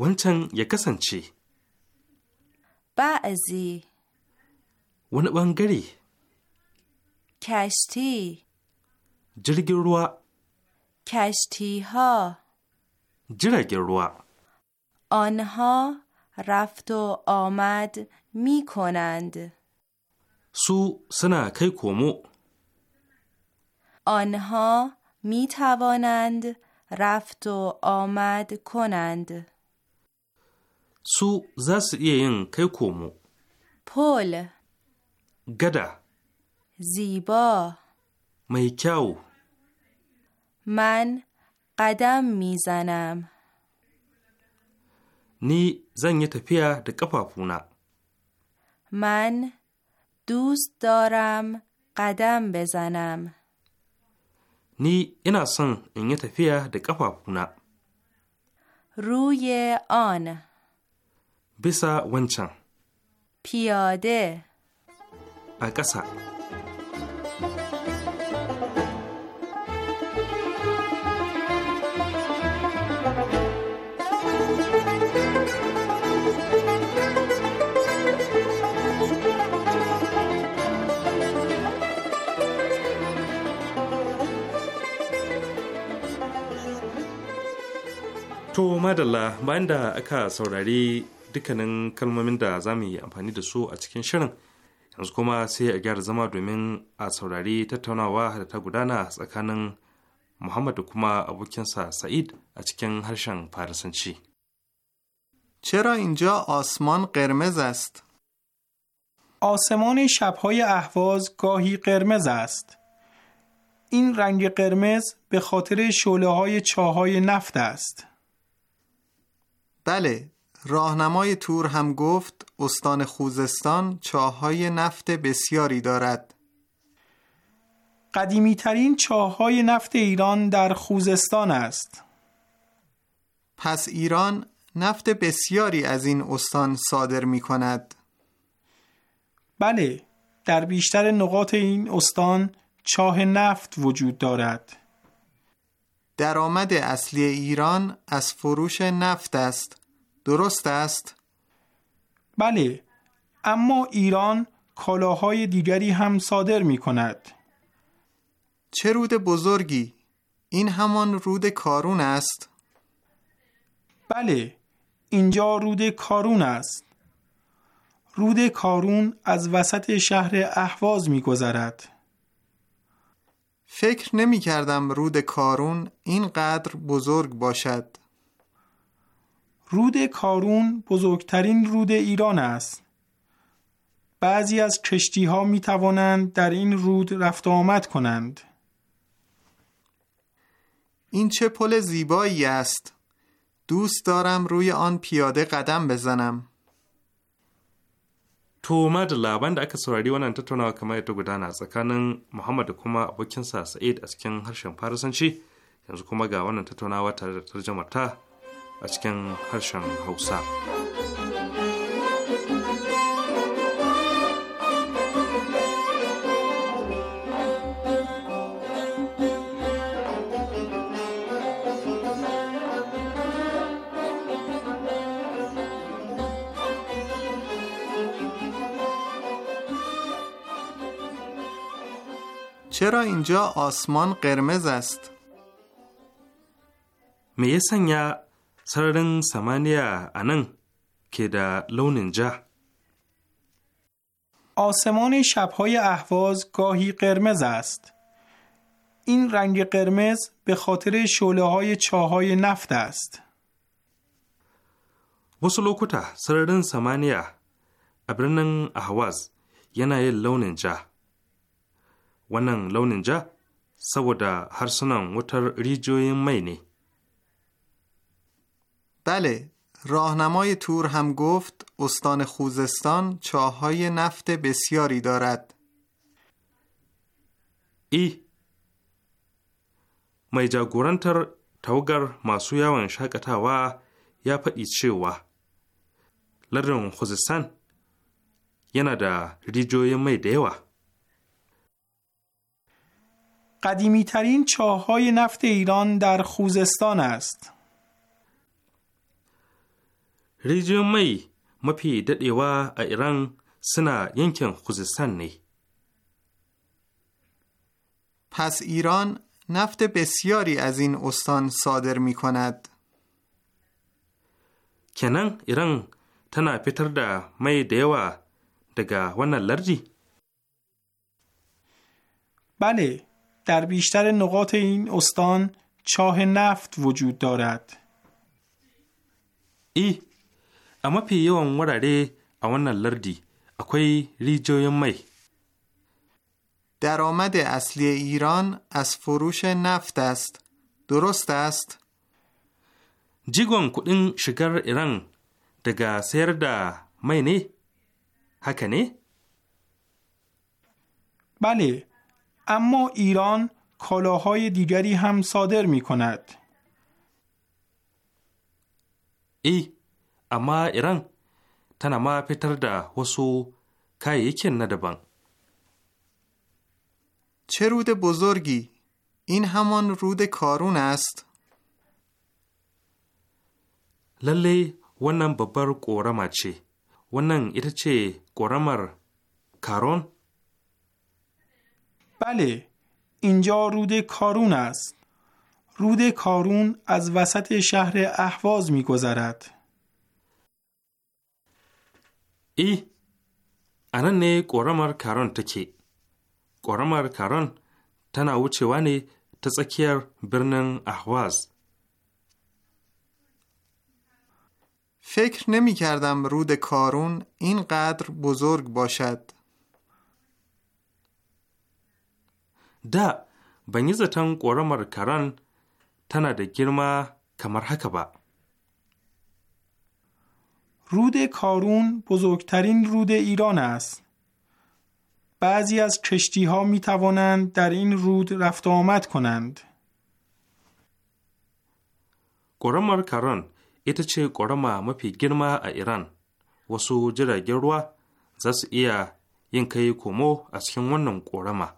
Wancan ya kasance. بعضی ون بانگری کشتی jirgin کشتی ها آنها رفت و آمد می کنند سو سنا کی کومو آنها می توانند رفت و آمد کنند su za su iya yin kai komo. Paul Gada Ziba Mai kyau Man ƙadam mizanam Ni zan yi tafiya da ƙafafuna. Man dus doram ƙadam bezanam Ni ina son in yi tafiya da ƙafafuna. Ruye on. bisa wancan piyade a ƙasa To madalla bayan da aka saurari dukkanin kalmomin da za mu yi amfani da su a cikin shirin yanzu kuma sai a gyara zama domin a saurari tattaunawa da ta gudana tsakanin muhammad kuma abokinsa sa'id a cikin harshen farisanci چرا اینجا آسمان قرمز است؟ آسمان شبهای ahvaz گاهی قرمز است. این رنگ قرمز به خاطر شعله های چاهای نفت است. بله، راهنمای تور هم گفت استان خوزستان چاهای نفت بسیاری دارد قدیمی ترین چاهای نفت ایران در خوزستان است پس ایران نفت بسیاری از این استان صادر می کند بله در بیشتر نقاط این استان چاه نفت وجود دارد درآمد اصلی ایران از فروش نفت است درست است؟ بله اما ایران کالاهای دیگری هم صادر می کند چه رود بزرگی؟ این همان رود کارون است؟ بله اینجا رود کارون است رود کارون از وسط شهر احواز می گذرد. فکر نمی کردم رود کارون اینقدر بزرگ باشد رود کارون بزرگترین رود ایران است. بعضی از کشتی ها می توانند در این رود رفت آمد کنند. این چه پل زیبایی است. دوست دارم روی آن پیاده قدم بزنم. تو ما دل آبند اگر سرودی وان انتظار از محمد کوما با کنسرس اید از کن هر شنبه پارسنشی یعنی کوما گاوان انتظار نگاه تر ترجمه a cikin harshen چرا اینجا آسمان قرمز است؟ میسن یا sararin samaniya a nan ke da launin ja. آسمان شبهای احواز گاهی قرمز است. این رنگ قرمز به خاطر شوله های چاهای نفت است. وسو لوکوتا سررن سمانیا ابرنن احواز ینا یل لونن جا. ونن لونن جا ریجوی مینی. بله راهنمای تور هم گفت استان خوزستان چاهای نفت بسیاری دارد ای میجا گورنتر توگر ماسو یاون یا پا و لرن خوزستان یانا دا ریجوی میده قدیمی ترین چاه های نفت ایران در خوزستان است. rijiyoyin mai mafi daɗewa a Iran suna yankin Khuzestan ne. پس ایران نفت بسیاری از این استان صادر می کند. کنن ایران تنا پیتر دا می دیوا دگا ون لرژی؟ بله، در بیشتر نقاط این استان چاه نفت وجود دارد. ای A mafi yawan wurare a wannan lardi akwai rijiyoyin mai. درآمد اصلی ایران از فروش نفت است. درست است؟ جیگون کدین شگر ایران دگا سیر دا می نی هکه نی بله، اما ایران کالاهای دیگری هم صادر می کند. ای اما ایران tana ma fitar da wasu kayayyakin na daban. چه رود بزرگی؟ این همان رود کارون است. للی wannan babbar ƙorama چه؟ wannan ita ce ƙoramar کارون؟ بله، اینجا رود کارون است. رود کارون از وسط شهر اهواز میگذرد. E, a anan ne ƙoramar karon take ƙoramar karon tana wucewa ne ta tsakiyar birnin ahwaz فکر نمی da رود کارون اینقدر بزرگ باشد. Da ban yi zaton ƙoramar karon tana da girma kamar haka ba. رود کارون بزرگترین رود ایران است. بعضی از کشتی ها می توانند در این رود رفت آمد کنند. گرمار کران ایتا چه مفی پی گرم ایران و سو جرا گروا زس ایا ین kai کمو از wannan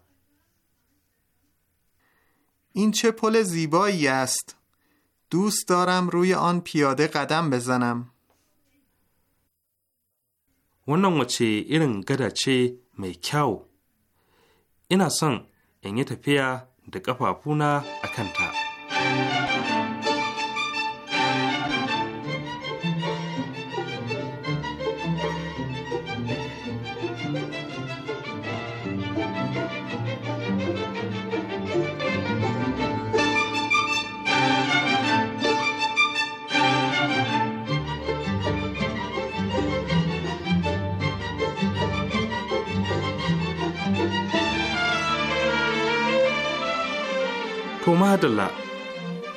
این چه پل زیبایی است. دوست دارم روی آن پیاده قدم بزنم. wannan wace irin gada ce mai kyau ina son in yi tafiya da ƙafafuna a kanta. madalla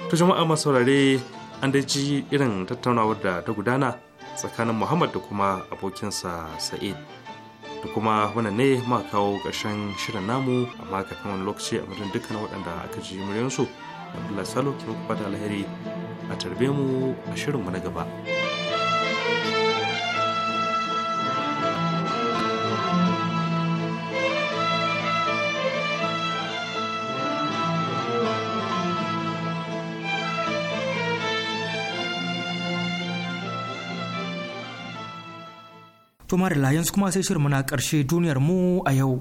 ta jama'a masu saurare an dai ji irin tattaunawar da ta gudana tsakanin muhammad da kuma abokinsa sa'id da kuma wannan ne ma kawo ƙarshen shirin namu amma kafin wani lokaci a madadin dukkan waɗanda aka ji muryansu abdullahi salo ke muku fata alheri a tarbe mu a shirinmu na gaba. tumar mara kuma sai shirin na ƙarshe duniyar mu a yau.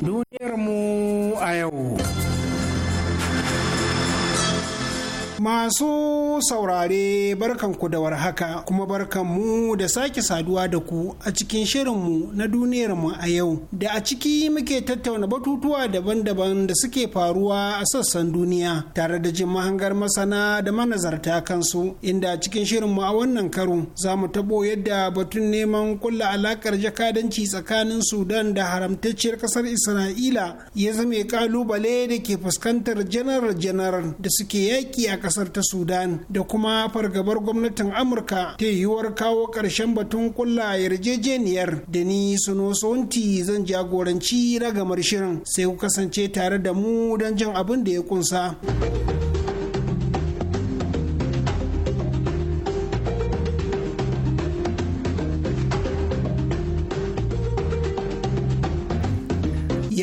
Duniyar mu a yau. Masu masu saurare ku da warhaka kuma barkanmu da sake saduwa da ku a cikin shirinmu na duniyarmu a yau da a ciki muke tattauna batutuwa daban-daban da suke faruwa a sassan duniya tare da jin mahangar masana da manazarta kansu inda a cikin shirinmu a wannan karo za mu tabo yadda batun neman kulla alakar jakadanci tsakanin sudan da haramtacciyar kasar isra'ila ya zame kalubale da ke fuskantar janar-janar da suke yaƙi a kasar ta sudan da kuma fargabar gwamnatin amurka ta yiwuwar kawo ƙarshen batun kulla yarjejeniyar da ni suno sonti zan jagoranci ragamar shirin sai ku kasance tare da mu don jin abin da ya kunsa.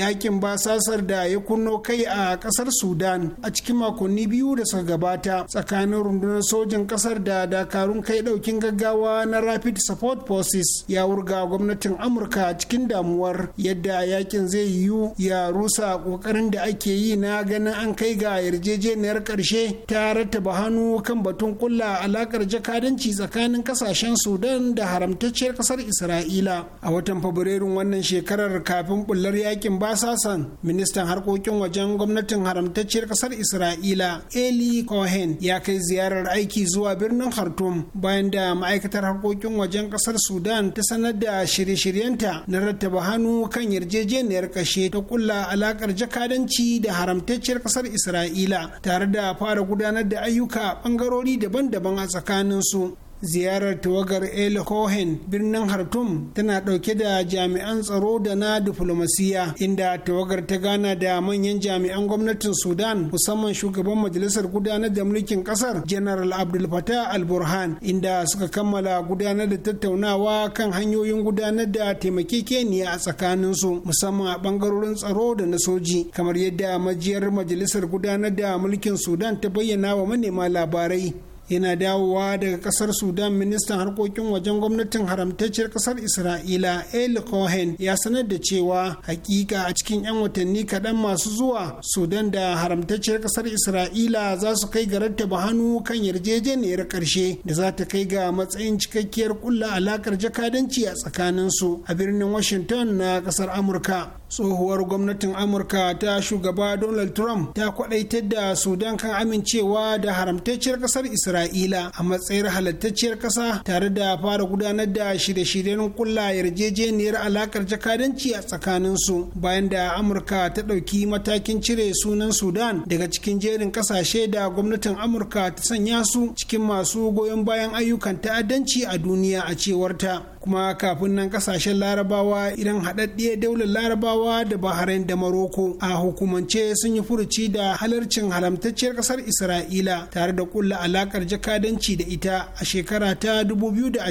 yakin basasar da ya kunno kai a kasar sudan a cikin makonni biyu da suka gabata tsakanin rundunar sojin kasar da dakarun kai daukin gaggawa na rapid support forces ya wurga gwamnatin amurka cikin damuwar yadda yakin zai yiwu ya rusa kokarin da ake yi na ganin an kai ga yarjejeniyar karshe ta rattaba hannu kan batun kulla alakar jakadanci tsakanin kasashen sudan da haramtacciyar kasar isra'ila a watan fabrairun wannan shekarar kafin bullar yakin ba asasan ministan harkokin wajen gwamnatin haramtacciyar kasar isra'ila eli cohen ya kai ziyarar aiki zuwa birnin khartoum bayan da ma'aikatar harkokin wajen kasar sudan ta sanar da shirye-shiryenta na rattaba hannu kan yarjejeniyar kashe ta kulla alakar jakadanci da haramtacciyar kasar isra'ila tare da fara gudanar da ayyuka bangarori daban-daban a tsakaninsu ziyarar tawagar el hohen birnin hartum tana dauke da jami'an tsaro da na diflomasiya inda tawagar ta gana da manyan jami'an gwamnatin sudan musamman shugaban majalisar gudanar da mulkin kasar general abdul fatah al burhan inda suka kammala gudanar da tattaunawa kan hanyoyin gudanar da taimakekeniya a tsakanin su musamman a bangarorin tsaro da na soji kamar yadda majiyar majalisar gudanar da mulkin sudan ta bayyana wa manema labarai yana dawowa daga kasar sudan ministan harkokin wajen gwamnatin haramtacciyar kasar isra'ila el cohen ya sanar da cewa hakika a cikin 'yan watanni kaɗan masu zuwa sudan da haramtacciyar kasar isra'ila za su kai ga rattaba hannu kan yarjejeniyar ƙarshe da za ta kai ga matsayin cikakkiyar kulla alakar jakadanci a tsakanin su a birnin washington na kasar amurka tsohuwar gwamnatin amurka ta shugaba donald trump ta kwadaitar da sudan kan amincewa da haramtacciyar kasar isra'ila isra'ila a matsayin halattacciyar kasa tare da fara gudanar da shirye-shiryen kulla yarjejeniyar alakar jakadanci a tsakanin su bayan da amurka ta ɗauki matakin cire sunan sudan daga cikin jerin ƙasashe da gwamnatin amurka ta sanya su cikin masu goyon bayan ayyukan ta'addanci a duniya a cewar ta. kuma kafin nan kasashen larabawa idan haɗaɗɗiyar daular larabawa da bahrain da maroko a hukumance sun yi furuci da halarcin halamtacciyar kasar isra'ila tare da kulla alakar jakadanci da ita a shekara ta 2020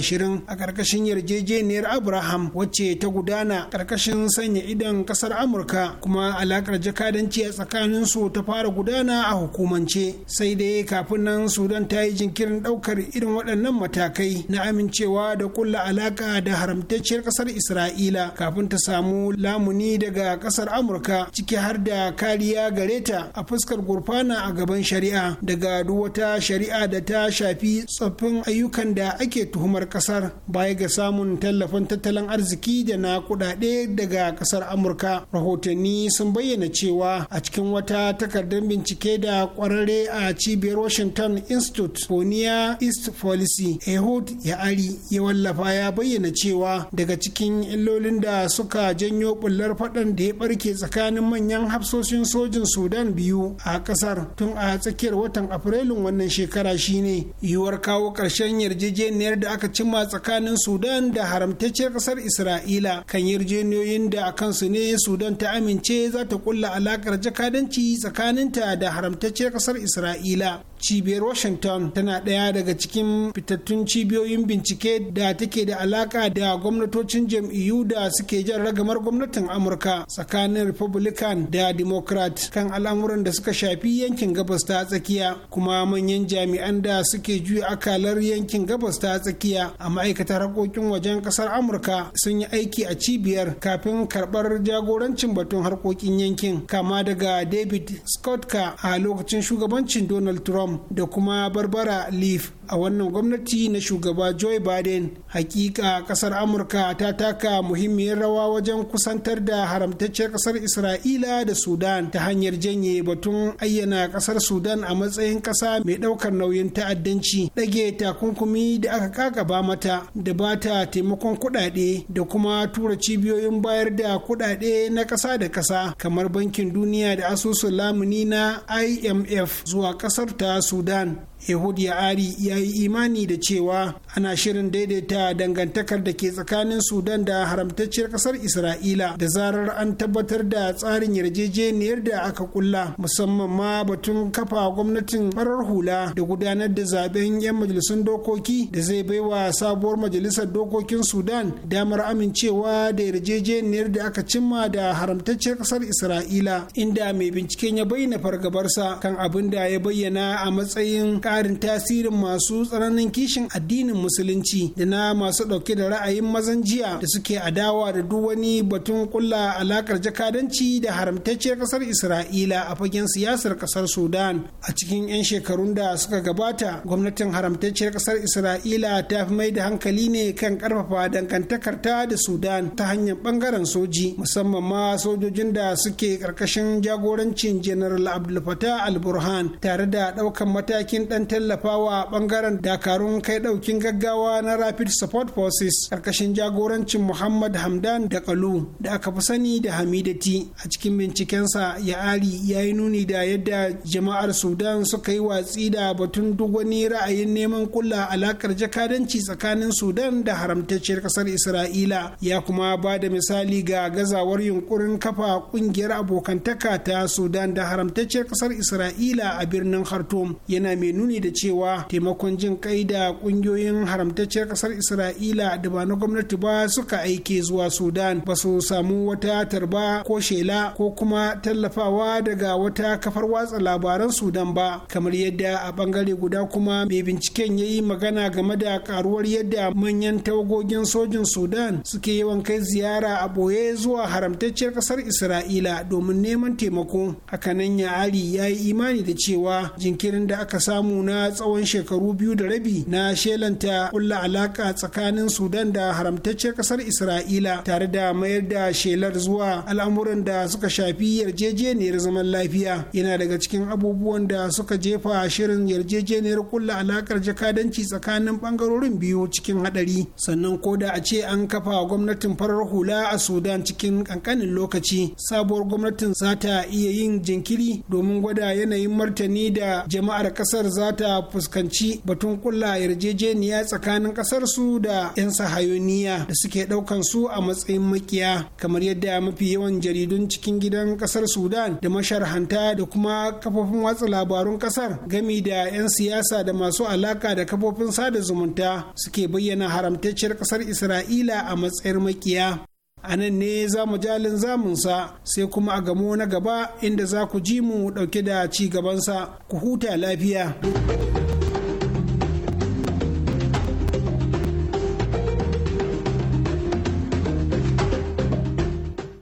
a ƙarƙashin yarjejeniyar abraham wacce ta gudana ƙarƙashin sanya idan ƙasar amurka kuma alakar jakadanci a tsakanin su ta fara gudana a hukumance sai dai kafin nan sudan ta yi jinkirin ɗaukar irin waɗannan matakai na amincewa da kulla alakar alaka da haramtacciyar kasar isra'ila kafin ta samu lamuni daga kasar amurka ciki har da kariya gare ta a fuskar gurfana a gaban shari'a daga duk wata shari'a da ta shafi tsoffin ayyukan da ake tuhumar kasar baya ga samun tallafin tattalin arziki da na kudade daga kasar amurka rahotanni sun bayyana cewa a cikin wata takardar bincike da kwararre a cibiyar washington institute near east policy ehud ya ari ya wallafa ya bayyana bayyana cewa daga cikin illolin da suka janyo bullar faɗan da ya barke tsakanin manyan hafsoshin sojin sudan biyu a ƙasar tun a tsakiyar watan afrilun wannan shekara shine yiwuwar kawo ƙarshen yarjejeniyar da aka cimma tsakanin sudan da haramtacciyar kasar isra'ila kan yarjejeniyoyin da a kansu ne sudan ta amince za ta kulla alakar jakadanci tsakaninta da haramtacciyar kasar isra'ila cibiyar washington tana ɗaya daga cikin fitattun cibiyoyin bincike da take da alaka da gwamnatocin jam'iyyu da suke jan ragamar gwamnatin amurka tsakanin republican da democrat kan al'amuran da suka shafi yankin gabas ta tsakiya kuma manyan jami'an da suke juya akalar yankin gabas ta tsakiya a ma'aikatar harkokin wajen kasar amurka sun yi aiki a cibiyar kafin karɓar jagorancin batun harkokin yankin kama daga david scott a lokacin shugabancin donald trump da kuma barbara leaf a wannan gwamnati na shugaba joe biden hakika kasar amurka ta taka muhimmiyar rawa wajen kusantar da haramtacciyar kasar isra'ila da sudan ta hanyar janye batun ayyana kasar sudan a matsayin kasa mai daukar nauyin ta'addanci ɗage takunkumi da aka kakaba mata da ba ta taimakon kuɗaɗe da kuma tura cibiyoyin bayar da kuɗaɗe na ƙasa da ƙasa kamar bankin duniya da asusun lamuni na imf zuwa ƙasar ta sudan yahud Ya'ari ya yi imani da cewa ana shirin daidaita dangantakar da ke tsakanin Sudan da haramtacciyar ƙasar Isra'ila da zarar an tabbatar da tsarin yarjejeniyar da aka kulla musamman ma batun kafa gwamnatin farar hula da gudanar da zaben 'yan majalisun dokoki da zai baiwa sabuwar majalisar dokokin Sudan damar amincewa da yarjejeniyar da aka cimma da haramtacciyar ƙasar Isra'ila inda mai binciken ya bayyana fargabarsa kan abin da ya bayyana a matsayin ƙarin tasirin masu tsananin kishin addinin musulunci da na masu ɗauke da ra'ayin mazan jiya da suke adawa da duk wani batun kulla alakar jakadanci da haramtacciyar ƙasar isra'ila a fagen siyasar ƙasar sudan a cikin 'yan shekarun da suka gabata gwamnatin haramtacciyar ƙasar isra'ila ta fi mai da hankali ne kan ƙarfafa dangantakar ta da sudan ta hanyar ɓangaren soji musamman ma sojojin da suke ƙarƙashin jagorancin general abdul fatah al-burhan tare da ɗaukan matakin ɗan kan tallafawa bangaren dakarun kai daukin gaggawa na rapid support forces karkashin jagorancin muhammad hamdan da kalu da aka fi sani da hamidati a cikin bincikensa ya ali ya yi nuni da yadda jama'ar sudan suka yi watsi da batun duk wani ra'ayin neman kula alakar jakadanci tsakanin sudan da haramtacciyar kasar isra'ila ya kuma ba da misali ga gazawar yunkurin kafa kungiyar abokantaka ta sudan da haramtacciyar kasar isra'ila a birnin khartoum yana mai nuni nuni da cewa taimakon jin kai da kungiyoyin haramtacciyar kasar isra'ila da ba na gwamnati ba suka aike zuwa sudan ba su samu wata tarba ko shela ko kuma tallafawa daga wata kafar watsa labaran sudan ba kamar yadda a bangare guda kuma mai binciken ya yi magana game da karuwar yadda manyan tawagogin sojin sudan suke yawan kai ziyara a boye zuwa haramtacciyar kasar isra'ila domin neman taimako hakanan ya ali ya yi imani da cewa jinkirin da aka samu Kuna na tsawon shekaru biyu da rabi na shelanta kulla alaka tsakanin sudan da haramtacce kasar isra'ila tare da mayar da shelar zuwa al'amuran da suka shafi yarjejeniyar zaman lafiya yana daga cikin abubuwan da suka jefa shirin yarjejeniyar kulla alakar jakadanci tsakanin bangarorin biyu cikin hadari sannan ko da a ce an kafa gwamnatin farar hula a sudan cikin kankanin lokaci sabuwar gwamnatin za ta iya yin jinkiri domin gwada yanayin martani da jama'ar kasar za za ta fuskanci batun kulla yarjejeniya tsakanin ƙasarsu da 'yan sahayoniya da suke ɗaukan su a matsayin makiya kamar yadda mafi yawan jaridun cikin gidan kasar sudan da masharhanta da kuma kafofin watsa labarun kasar gami da 'yan siyasa da masu alaka da kafofin sada zumunta suke bayyana haramtacciyar kasar isra'ila a matsayin makiya a nan ne za mu jalin zamunsa sai kuma a gamo na gaba inda za ku ji mu dauke da ci gabansa ku huta lafiya.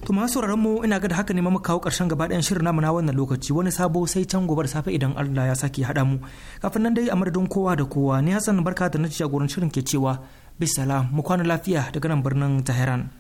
tuma masu mu ina ga haka ne mu kawo karshen gaba ɗayan shirin namu na wannan lokaci wani sabo sai can gobar safe idan Allah ya sake haɗa mu. Kafin nan dai a madadin kowa da kowa ni Hassan barka da na jagoran shirin ke cewa bisala mu kwana lafiya daga nan birnin Tehran.